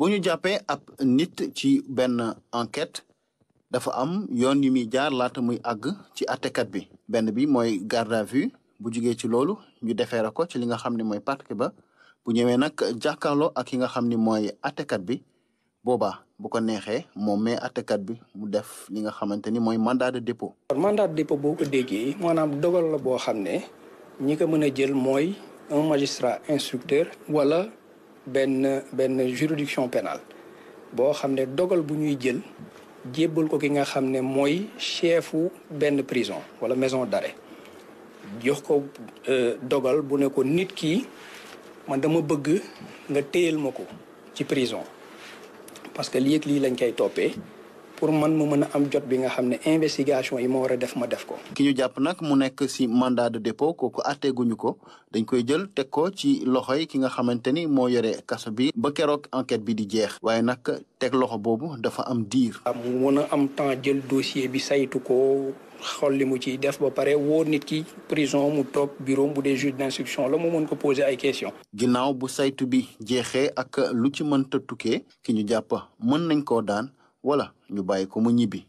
bu ñu jàppee ab nit ci benn enquête dafa am yoon yu muy jaar laata muy àgg ci àttekat bi benn bi mooy garde à bu jugee ci loolu ñu defeere ko ci li nga xam ni mooy parquet ba bu ñëwee nag jàkkaarloo ak ki nga xam ni mooy àttekat bi booba bu ko neexee moom mais àttekat bi mu def li nga xamante ni mooy mandat de dépôt. mandat de dépôt boo ko déggee maanaam dogal la boo xam ne ñi ko mën a jël mooy un magistrat instructeur wala. benn benn juridiction penal boo xam ne dogal bu ñuy jël jébbal ko ki nga xam ne mooy chefu benn prison wala maison d'arrêt jox ko euh, dogal bu ne ko nit ki man dama bëgg nga téyel ma ko ci prison parce que li ak lii lañ koy toppee pour man mu mën a am jot bi nga xam ne investigation yi ma war a def ma def ko. ki ñu jàpp nag mu nekk si mandat de dépôt kooku atteeguñu ko dañ koy jël teg ko ci loxo yi ki nga xamante ni moo yore kaso bi ba keroog enquête bi di jeex. waaye nag teg loxo boobu dafa am diir. mu mën a am temps jël dossier bi saytu ko. xool li mu ciy def ba pare woo nit ki prison mu toog bureau bu dee juge d'instruction la mu mën ko poser ay question ginnaaw bu saytu bi jeexee ak lu ci mënta tukkee ki ñu jàpp mën nañ koo daan wala ñu bàyyi ko mu ñibbi